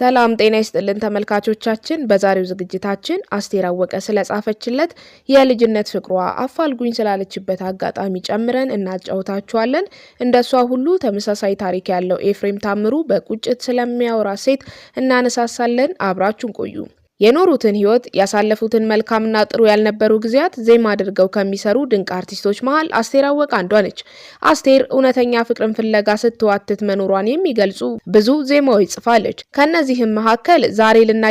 ሰላም ጤና ይስጥልን ተመልካቾቻችን፣ በዛሬው ዝግጅታችን አስቴር አወቀ ስለጻፈችለት የልጅነት ፍቅሯ አፋልጉኝ ስላለችበት አጋጣሚ ጨምረን እናጫውታችኋለን። እንደሷ ሁሉ ተመሳሳይ ታሪክ ያለው ኤፍሬም ታምሩ በቁጭት ስለሚያወራ ሴት እናነሳሳለን። አብራችሁን ቆዩ። የኖሩትን ህይወት ያሳለፉትን መልካምና ጥሩ ያልነበሩ ጊዜያት ዜማ አድርገው ከሚሰሩ ድንቅ አርቲስቶች መሀል አስቴር አወቀ አንዷ ነች። አስቴር እውነተኛ ፍቅርን ፍለጋ ስትዋትት መኖሯን የሚገልጹ ብዙ ዜማዎች ጽፋለች። ከእነዚህም መካከል ዛሬ ልና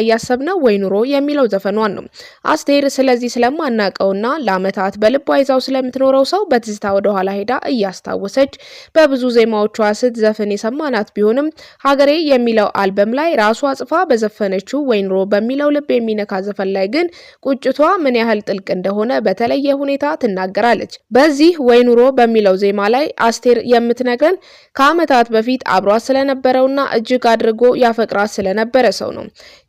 ነው ወይ ኑሮ የሚለው ዘፈኗን ነው። አስቴር ስለዚህ ስለማናቀውና ለአመታት በልቧ ይዛው ስለምትኖረው ሰው በትዝታ ወደኋላ ሄዳ እያስታወሰች በብዙ ዜማዎቿ ስትዘፍን የሰማናት ቢሆንም ሀገሬ የሚለው አልበም ላይ ራሷ ጽፋ በዘፈነችው ወይ ኑሮ በሚለው ልብ የሚነካ ዘፈን ላይ ግን ቁጭቷ ምን ያህል ጥልቅ እንደሆነ በተለየ ሁኔታ ትናገራለች። በዚህ ወይ ኑሮ በሚለው ዜማ ላይ አስቴር የምትነግረን ከዓመታት በፊት አብሯት ስለነበረውና እጅግ አድርጎ ያፈቅራት ስለነበረ ሰው ነው።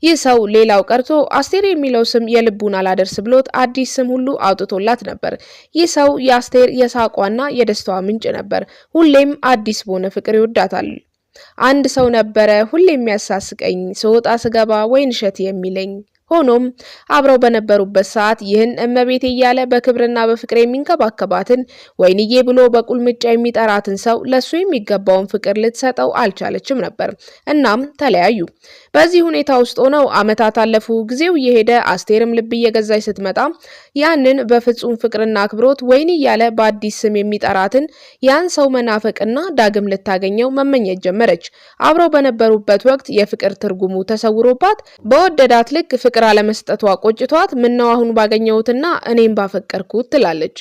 ይህ ሰው ሌላው ቀርቶ አስቴር የሚለው ስም የልቡን አላደርስ ብሎት አዲስ ስም ሁሉ አውጥቶላት ነበር። ይህ ሰው የአስቴር የሳቋና የደስታዋ ምንጭ ነበር። ሁሌም አዲስ በሆነ ፍቅር ይወዳታል። አንድ ሰው ነበረ ሁሌ የሚያሳስቀኝ፣ ስወጣ ስገባ ወይን እሸት የሚለኝ። ሆኖም አብረው በነበሩበት ሰዓት ይህን እመቤት እያለ በክብርና በፍቅር የሚንከባከባትን ወይንዬ ብሎ በቁልምጫ የሚጠራትን ሰው ለሱ የሚገባውን ፍቅር ልትሰጠው አልቻለችም ነበር። እናም ተለያዩ። በዚህ ሁኔታ ውስጥ ሆነው አመታት አለፉ። ጊዜው እየሄደ አስቴርም ልብ እየገዛች ስትመጣ ያንን በፍጹም ፍቅርና አክብሮት ወይን እያለ በአዲስ ስም የሚጠራትን ያን ሰው መናፈቅና ዳግም ልታገኘው መመኘት ጀመረች። አብረው በነበሩበት ወቅት የፍቅር ትርጉሙ ተሰውሮባት በወደዳት ልክ ፍቅር አለመስጠቷ ቆጭቷት ምነው አሁን ባገኘሁትና እኔም ባፈቀርኩት ትላለች።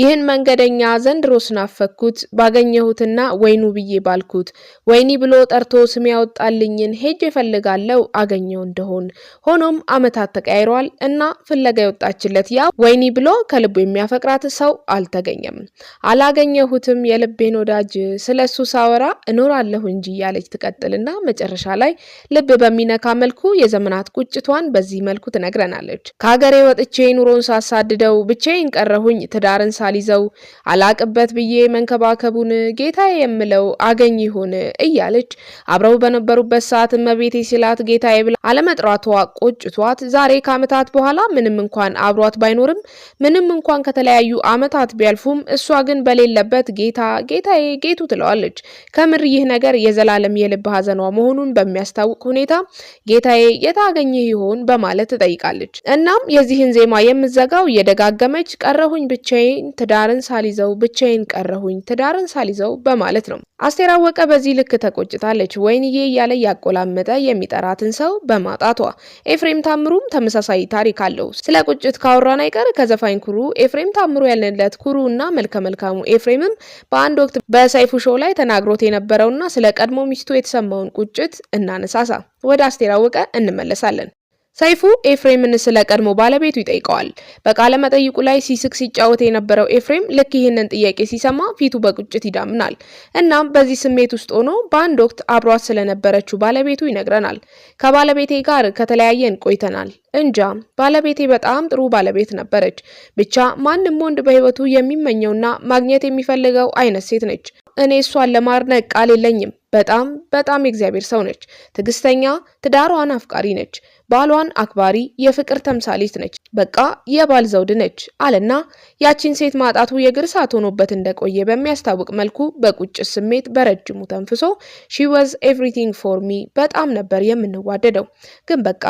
ይህን መንገደኛ ዘንድሮ ስናፈኩት ባገኘሁትና ወይኑ ብዬ ባልኩት ወይኒ ብሎ ጠርቶ ስም ያወጣልኝን ሄጅ ይፈልጋለው አገኘው እንደሆን ሆኖም አመታት ተቀያይሯል እና ፍለጋ የወጣችለት ያው ወይኒ ብሎ ከልቡ የሚያፈቅራት ሰው አልተገኘም። አላገኘሁትም የልቤን ወዳጅ ስለ እሱ ሳወራ እኖራለሁ እንጂ እያለች ትቀጥልና መጨረሻ ላይ ልብ በሚነካ መልኩ የዘመናት ቁጭቷን በዚህ መልኩ ትነግረናለች። ከሀገሬ ወጥቼ ኑሮን ሳሳድደው ብቻዬን ቀረሁኝ ትዳርን ሳልይዘው አላቅበት ብዬ መንከባከቡን ጌታዬ የምለው አገኝ ይሁን እያለች አብረው በነበሩበት ሰዓት እመቤቴ ሲላት ጌታዬ ብላ አለመጥራቷ ቁጭቷት ዛሬ ከዓመታት በኋላ ምንም እንኳን አብሯት ባይኖር ባይኖርም ምንም እንኳን ከተለያዩ አመታት ቢያልፉም እሷ ግን በሌለበት ጌታ ጌታዬ ጌቱ ትለዋለች። ከምር ይህ ነገር የዘላለም የልብ ሀዘኗ መሆኑን በሚያስታውቅ ሁኔታ ጌታዬ የታገኘ ይሆን በማለት ትጠይቃለች። እናም የዚህን ዜማ የምዘጋው የደጋገመች ቀረሁኝ ብቻዬን ትዳርን ሳልይዘው ብቻዬን ቀረሁኝ ትዳርን ሳልይዘው በማለት ነው። አስቴር አወቀ በዚህ ልክ ተቆጭታለች። ወይንዬ እያለ ያቆላመጠ የሚጠራትን ሰው በማጣቷ። ኤፍሬም ታምሩም ተመሳሳይ ታሪክ አለው። ስለ ቁጭት ካወራን አይቀር ከዘፋኝ ኩሩ ኤፍሬም ታምሩ ያለለት ኩሩ እና መልከ መልካሙ ኤፍሬምም በአንድ ወቅት በሰይፉ ሾው ላይ ተናግሮት የነበረውና ስለ ቀድሞ ሚስቱ የተሰማውን ቁጭት እናነሳሳ። ወደ አስቴር አወቀ እንመለሳለን። ሰይፉ ኤፍሬምን ስለ ቀድሞ ባለቤቱ ይጠይቀዋል። በቃለ መጠይቁ ላይ ሲስቅ ሲጫወት የነበረው ኤፍሬም ልክ ይህንን ጥያቄ ሲሰማ ፊቱ በቁጭት ይዳምናል። እናም በዚህ ስሜት ውስጥ ሆኖ በአንድ ወቅት አብሯት ስለነበረችው ባለቤቱ ይነግረናል። ከባለቤቴ ጋር ከተለያየን ቆይተናል። እንጃ ባለቤቴ በጣም ጥሩ ባለቤት ነበረች። ብቻ ማንም ወንድ በህይወቱ የሚመኘውና ማግኘት የሚፈልገው አይነት ሴት ነች። እኔ እሷን ለማድነቅ ቃል የለኝም። በጣም በጣም የእግዚአብሔር ሰው ነች። ትዕግስተኛ፣ ትዳሯን አፍቃሪ ነች። ባሏን አክባሪ የፍቅር ተምሳሌት ነች፣ በቃ የባል ዘውድ ነች አለና ያቺን ሴት ማጣቱ የእግር ሆኖበት እንደቆየ በሚያስታውቅ መልኩ በቁጭት ስሜት በረጅሙ ተንፍሶ ሺ ወዝ ኤቭሪቲንግ ፎር ሚ በጣም ነበር የምንዋደደው፣ ግን በቃ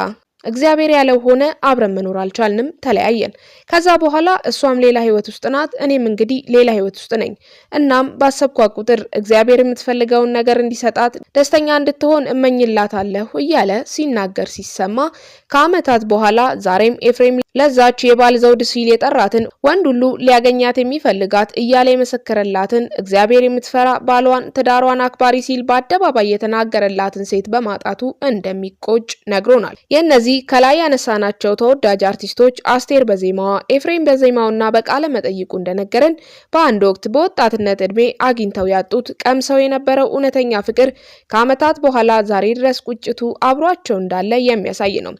እግዚአብሔር ያለው ሆነ፣ አብረን መኖር አልቻልንም፣ ተለያየን። ከዛ በኋላ እሷም ሌላ ህይወት ውስጥ ናት፣ እኔም እንግዲህ ሌላ ህይወት ውስጥ ነኝ። እናም ባሰብኳ ቁጥር እግዚአብሔር የምትፈልገውን ነገር እንዲሰጣት፣ ደስተኛ እንድትሆን እመኝላታለሁ እያለ ሲናገር ሲሰማ ከአመታት በኋላ ዛሬም ኤፍሬም ለዛች የባል ዘውድ ሲል የጠራትን ወንድ ሁሉ ሊያገኛት የሚፈልጋት እያለ የመሰከረላትን እግዚአብሔር የምትፈራ ባሏን ትዳሯን አክባሪ ሲል በአደባባይ የተናገረላትን ሴት በማጣቱ እንደሚቆጭ ነግሮናል። የእነዚህ ከላይ ያነሳናቸው ተወዳጅ አርቲስቶች አስቴር በዜማዋ፣ ኤፍሬም በዜማውና በቃለ መጠይቁ እንደነገረን በአንድ ወቅት በወጣትነት ዕድሜ አግኝተው ያጡት ቀምሰው የነበረው እውነተኛ ፍቅር ከዓመታት በኋላ ዛሬ ድረስ ቁጭቱ አብሯቸው እንዳለ የሚያሳይ ነው።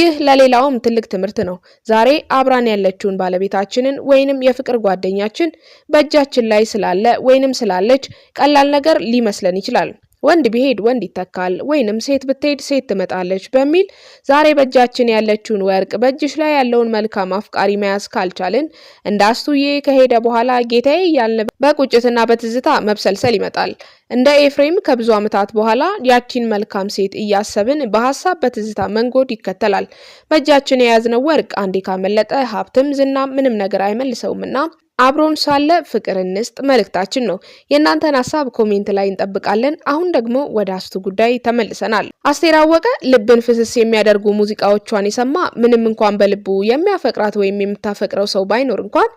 ይህ ለሌላውም ትልቅ ትምህርት ነው። ዛሬ አብራን ያለችውን ባለቤታችንን ወይንም የፍቅር ጓደኛችን በእጃችን ላይ ስላለ ወይንም ስላለች ቀላል ነገር ሊመስለን ይችላል። ወንድ ቢሄድ ወንድ ይተካል ወይንም ሴት ብትሄድ ሴት ትመጣለች በሚል ዛሬ በእጃችን ያለችውን ወርቅ በእጅሽ ላይ ያለውን መልካም አፍቃሪ መያዝ ካልቻልን እንደ አስቱዬ ከሄደ በኋላ ጌታዬ እያልን በቁጭትና በትዝታ መብሰልሰል ይመጣል። እንደ ኤፍሬም ከብዙ ዓመታት በኋላ ያቺን መልካም ሴት እያሰብን በሀሳብ በትዝታ መንጎድ ይከተላል። በእጃችን የያዝነው ወርቅ አንዴ ካመለጠ ሀብትም ዝና ምንም ነገር አይመልሰውምና አብሮን ሳለ ፍቅር እንስጥ መልእክታችን ነው። የእናንተን ሀሳብ ኮሜንት ላይ እንጠብቃለን። አሁን ደግሞ ወደ አስቱ ጉዳይ ተመልሰናል። አስቴር አወቀ ልብን ፍስስ የሚያደርጉ ሙዚቃዎቿን የሰማ ምንም እንኳን በልቡ የሚያፈቅራት ወይም የምታፈቅረው ሰው ባይኖር እንኳን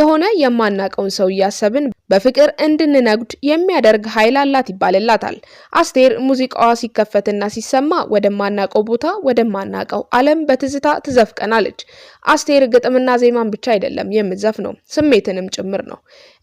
የሆነ የማናቀውን ሰው እያሰብን በፍቅር እንድንነጉድ የሚያደርግ ኃይል አላት ይባልላታል። አስቴር ሙዚቃዋ ሲከፈትና ሲሰማ ወደማናቀው ቦታ ወደማናቀው ዓለም በትዝታ ትዘፍቀናለች። አስቴር ግጥምና ዜማን ብቻ አይደለም የምትዘፍነው ስሜትንም ጭምር ነው።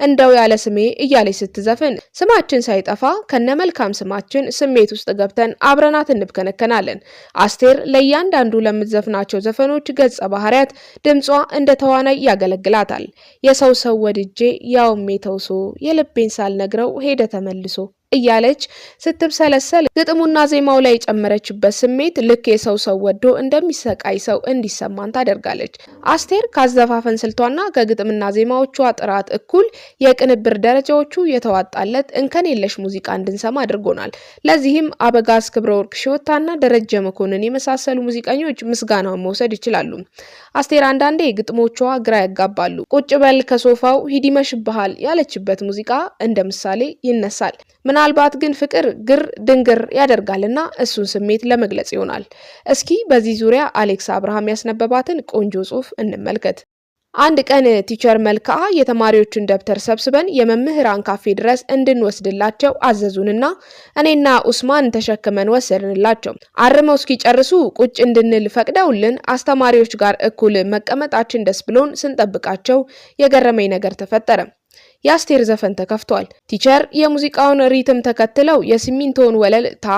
እንደው ያለ ስሜ እያለች ስትዘፍን ስማችን ሳይጠፋ ከነ መልካም ስማችን ስሜት ውስጥ ገብተን አብረናት እንብከነከናለን። አስቴር ለእያንዳንዱ ለምትዘፍናቸው ዘፈኖች ገጸ ባህሪያት ድምጿ እንደ ተዋናይ ያገለግላታል። የሰው ሰው ወድጄ ያውሜተውሶ የልቤን ሳልነግረው ሄደ ተመልሶ እያለች ስትብሰለሰል ግጥሙና ዜማው ላይ የጨመረችበት ስሜት ልክ የሰው ሰው ወዶ እንደሚሰቃይ ሰው እንዲሰማን ታደርጋለች። አስቴር ካዘፋፈን ስልቷና ከግጥምና ዜማዎቿ ጥራት እኩል የቅንብር ደረጃዎቹ የተዋጣለት እንከን የለሽ ሙዚቃ እንድንሰማ አድርጎናል። ለዚህም አበጋዝ ክብረ ወርቅ ሽወታና ደረጀ መኮንን የመሳሰሉ ሙዚቀኞች ምስጋናውን መውሰድ ይችላሉ። አስቴር አንዳንዴ ግጥሞቿ ግራ ያጋባሉ። ቁጭ በል ከሶፋው ሂድ ይመሽብሃል ያለችበት ሙዚቃ እንደ ምሳሌ ይነሳል። ምናልባት ግን ፍቅር ግር ድንግር ያደርጋልና እሱን ስሜት ለመግለጽ ይሆናል። እስኪ በዚህ ዙሪያ አሌክስ አብርሃም ያስነበባትን ቆንጆ ጽሑፍ እንመልከት። አንድ ቀን ቲቸር መልክዓ የተማሪዎችን ደብተር ሰብስበን የመምህራን ካፌ ድረስ እንድንወስድላቸው አዘዙንና እኔና ኡስማን ተሸክመን ወሰድንላቸው። አርመው እስኪጨርሱ ቁጭ እንድንል ፈቅደውልን አስተማሪዎች ጋር እኩል መቀመጣችን ደስ ብሎን ስንጠብቃቸው የገረመኝ ነገር ተፈጠረ። የአስቴር ዘፈን ተከፍቷል። ቲቸር የሙዚቃውን ሪትም ተከትለው የሲሚንቶን ወለል ታ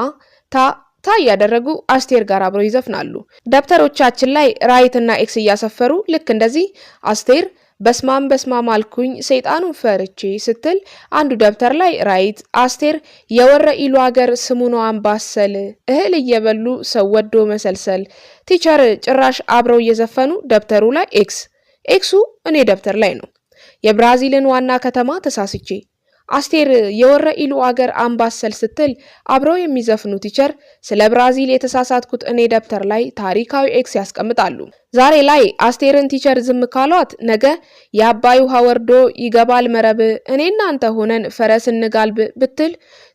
ታ ታ እያደረጉ አስቴር ጋር አብረው ይዘፍናሉ። ደብተሮቻችን ላይ ራይት እና ኤክስ እያሰፈሩ ልክ እንደዚህ አስቴር በስማም በስማም አልኩኝ ሰይጣኑን ፈርቼ ስትል አንዱ ደብተር ላይ ራይት አስቴር የወረ ኢሉ አገር ስሙኖ አምባሰል እህል እየበሉ ሰው ወዶ መሰልሰል። ቲቸር ጭራሽ አብረው እየዘፈኑ ደብተሩ ላይ ኤክስ ኤክሱ እኔ ደብተር ላይ ነው። የብራዚልን ዋና ከተማ ተሳስቼ አስቴር የወረ ኢሉ አገር አምባሰል ስትል አብረው የሚዘፍኑ ቲቸር ስለ ብራዚል የተሳሳትኩት እኔ ደብተር ላይ ታሪካዊ ኤክስ ያስቀምጣሉ። ዛሬ ላይ አስቴርን ቲቸር ዝም ካሏት ነገ የአባይ ውሃ ወርዶ ይገባል መረብ እኔ እናንተ ሆነን ፈረስ እንጋልብ ብትል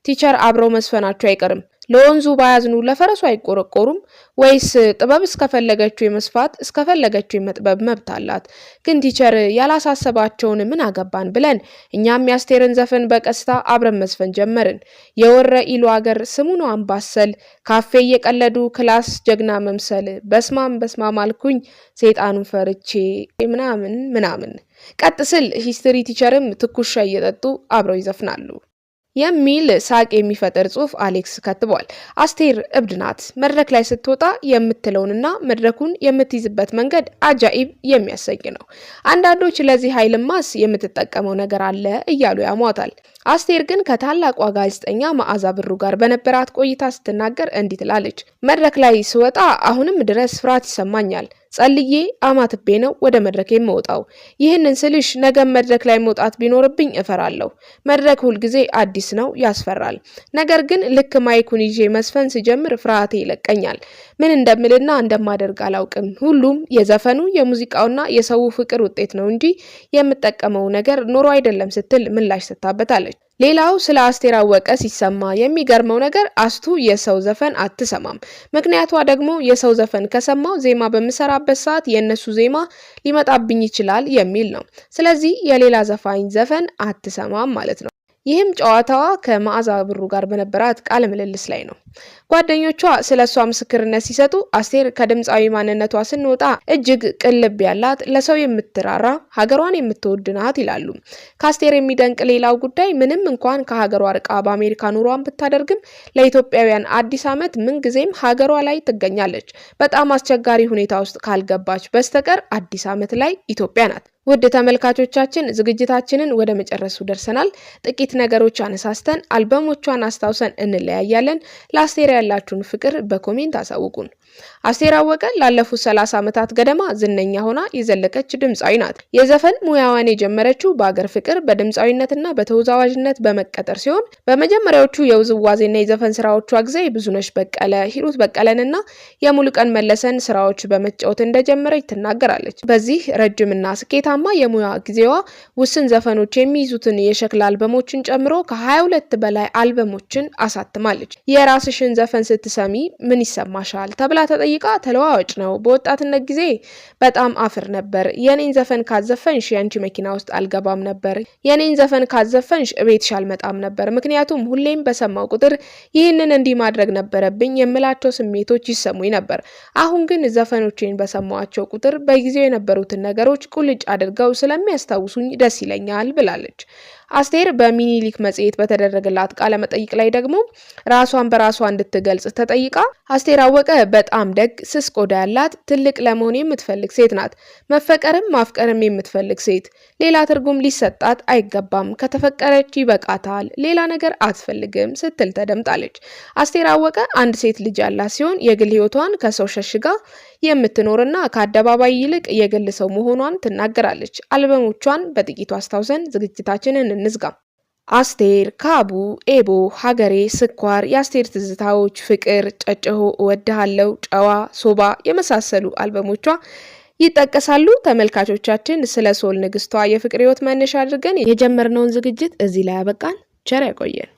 ቲቸር አብረው መስፈናቸው አይቀርም። ለወንዙ ባያዝኑ ለፈረሱ አይቆረቆሩም? ወይስ ጥበብ እስከፈለገችው የመስፋት እስከፈለገችው የመጥበብ መብት አላት? ግን ቲቸር ያላሳሰባቸውን ምን አገባን ብለን እኛም ያስቴርን ዘፈን በቀስታ አብረን መዝፈን ጀመርን። የወረ ኢሉ አገር ስሙኑ አምባሰል ካፌ እየቀለዱ ክላስ ጀግና መምሰል በስማም በስማም አልኩኝ ሰይጣኑን ፈርቼ ምናምን ምናምን ቀጥ ስል ሂስትሪ ቲቸርም ትኩሻ እየጠጡ አብረው ይዘፍናሉ። የሚል ሳቅ የሚፈጥር ጽሁፍ አሌክስ ከትቧል። አስቴር እብድ ናት። መድረክ ላይ ስትወጣ የምትለውንና መድረኩን የምትይዝበት መንገድ አጃኢብ የሚያሰኝ ነው። አንዳንዶች ለዚህ ኃይልማስ የምትጠቀመው ነገር አለ እያሉ ያሟታል። አስቴር ግን ከታላቋ ጋዜጠኛ መዓዛ ብሩ ጋር በነበራት ቆይታ ስትናገር እንዲህ ትላለች። መድረክ ላይ ስወጣ አሁንም ድረስ ፍርሃት ይሰማኛል። ጸልዬ አማትቤ ነው ወደ መድረክ የምወጣው። ይህንን ስልሽ ነገም መድረክ ላይ መውጣት ቢኖርብኝ እፈራለሁ። መድረክ ሁልጊዜ አዲስ ነው፣ ያስፈራል። ነገር ግን ልክ ማይኩን ይዤ መስፈን ስጀምር ፍርሃቴ ይለቀኛል። ምን እንደምልና እንደማደርግ አላውቅም። ሁሉም የዘፈኑ የሙዚቃውና የሰው ፍቅር ውጤት ነው እንጂ የምጠቀመው ነገር ኖሮ አይደለም ስትል ምላሽ ሰጥታበታለች። ሌላው ስለ አስቴር አወቀ ሲሰማ የሚገርመው ነገር አስቱ የሰው ዘፈን አትሰማም። ምክንያቷ ደግሞ የሰው ዘፈን ከሰማው ዜማ በምሰራበት ሰዓት የእነሱ ዜማ ሊመጣብኝ ይችላል የሚል ነው። ስለዚህ የሌላ ዘፋኝ ዘፈን አትሰማም ማለት ነው። ይህም ጨዋታዋ ከመዓዛ ብሩ ጋር በነበራት ቃለ ምልልስ ላይ ነው። ጓደኞቿ ስለ እሷ ምስክርነት ሲሰጡ አስቴር ከድምፃዊ ማንነቷ ስንወጣ እጅግ ቅልብ ያላት ለሰው የምትራራ ሀገሯን የምትወድ ናት ይላሉ። ከአስቴር የሚደንቅ ሌላው ጉዳይ ምንም እንኳን ከሀገሯ ርቃ በአሜሪካ ኑሯን ብታደርግም ለኢትዮጵያውያን አዲስ ዓመት ምንጊዜም ሀገሯ ላይ ትገኛለች። በጣም አስቸጋሪ ሁኔታ ውስጥ ካልገባች በስተቀር አዲስ ዓመት ላይ ኢትዮጵያ ናት። ውድ ተመልካቾቻችን ዝግጅታችንን ወደ መጨረሱ ደርሰናል። ጥቂት ነገሮች አነሳስተን አልበሞቿን አስታውሰን እንለያያለን። ለአስቴር ያላችሁን ፍቅር በኮሜንት አሳውቁን። አስቴር አወቀ ላለፉት ሰላሳ ዓመታት ገደማ ዝነኛ ሆና የዘለቀች ድምፃዊ ናት። የዘፈን ሙያዋን የጀመረችው በአገር ፍቅር በድምፃዊነትና በተወዛዋዥነት በመቀጠር ሲሆን በመጀመሪያዎቹ የውዝዋዜና የዘፈን ስራዎቿ ጊዜ ብዙነሽ በቀለ፣ ሂሩት በቀለንና የሙሉቀን መለሰን ስራዎች በመጫወት እንደጀመረች ትናገራለች። በዚህ ረጅምና ስኬታማ የሙያ ጊዜዋ ውስን ዘፈኖች የሚይዙትን የሸክላ አልበሞችን ጨምሮ ከ22 በላይ አልበሞችን አሳትማለች። የራስሽን ዘፈን ስትሰሚ ምን ይሰማሻል ተብላ ተጠይቃ ተለዋዋጭ ነው። በወጣትነት ጊዜ በጣም አፍር ነበር። የኔን ዘፈን ካዘፈንሽ የአንቺ መኪና ውስጥ አልገባም ነበር። የኔን ዘፈን ካዘፈንሽ እቤትሽ አልመጣም ነበር። ምክንያቱም ሁሌም በሰማው ቁጥር ይህንን እንዲህ ማድረግ ነበረብኝ የምላቸው ስሜቶች ይሰሙኝ ነበር። አሁን ግን ዘፈኖቼን በሰማዋቸው ቁጥር በጊዜው የነበሩትን ነገሮች ቁልጭ አድርገው ስለሚያስታውሱኝ ደስ ይለኛል ብላለች። አስቴር በሚኒሊክ መጽሔት በተደረገላት ቃለ መጠይቅ ላይ ደግሞ ራሷን በራሷ እንድትገልጽ ተጠይቃ አስቴር አወቀ በጣም ደግ ስስ ቆዳ ያላት ትልቅ ለመሆን የምትፈልግ ሴት ናት። መፈቀርም ማፍቀርም የምትፈልግ ሴት፣ ሌላ ትርጉም ሊሰጣት አይገባም። ከተፈቀረች ይበቃታል፣ ሌላ ነገር አትፈልግም ስትል ተደምጣለች። አስቴር አወቀ አንድ ሴት ልጅ ያላት ሲሆን የግል ህይወቷን ከሰው ሸሽጋ የምትኖርና ከአደባባይ ይልቅ የግል ሰው መሆኗን ትናገራለች። አልበሞቿን በጥቂቱ አስታውሰን ዝግጅታችንን እንዝጋ። አስቴር ካቡ፣ ኤቦ፣ ሀገሬ፣ ስኳር፣ የአስቴር ትዝታዎች፣ ፍቅር፣ ጨጨሆ፣ እወድሃለው፣ ጨዋ፣ ሶባ የመሳሰሉ አልበሞቿ ይጠቀሳሉ። ተመልካቾቻችን ስለ ሶል ንግስቷ የፍቅር ህይወት መነሻ አድርገን የጀመርነውን ዝግጅት እዚህ ላይ ያበቃን። ቸር ያቆየን።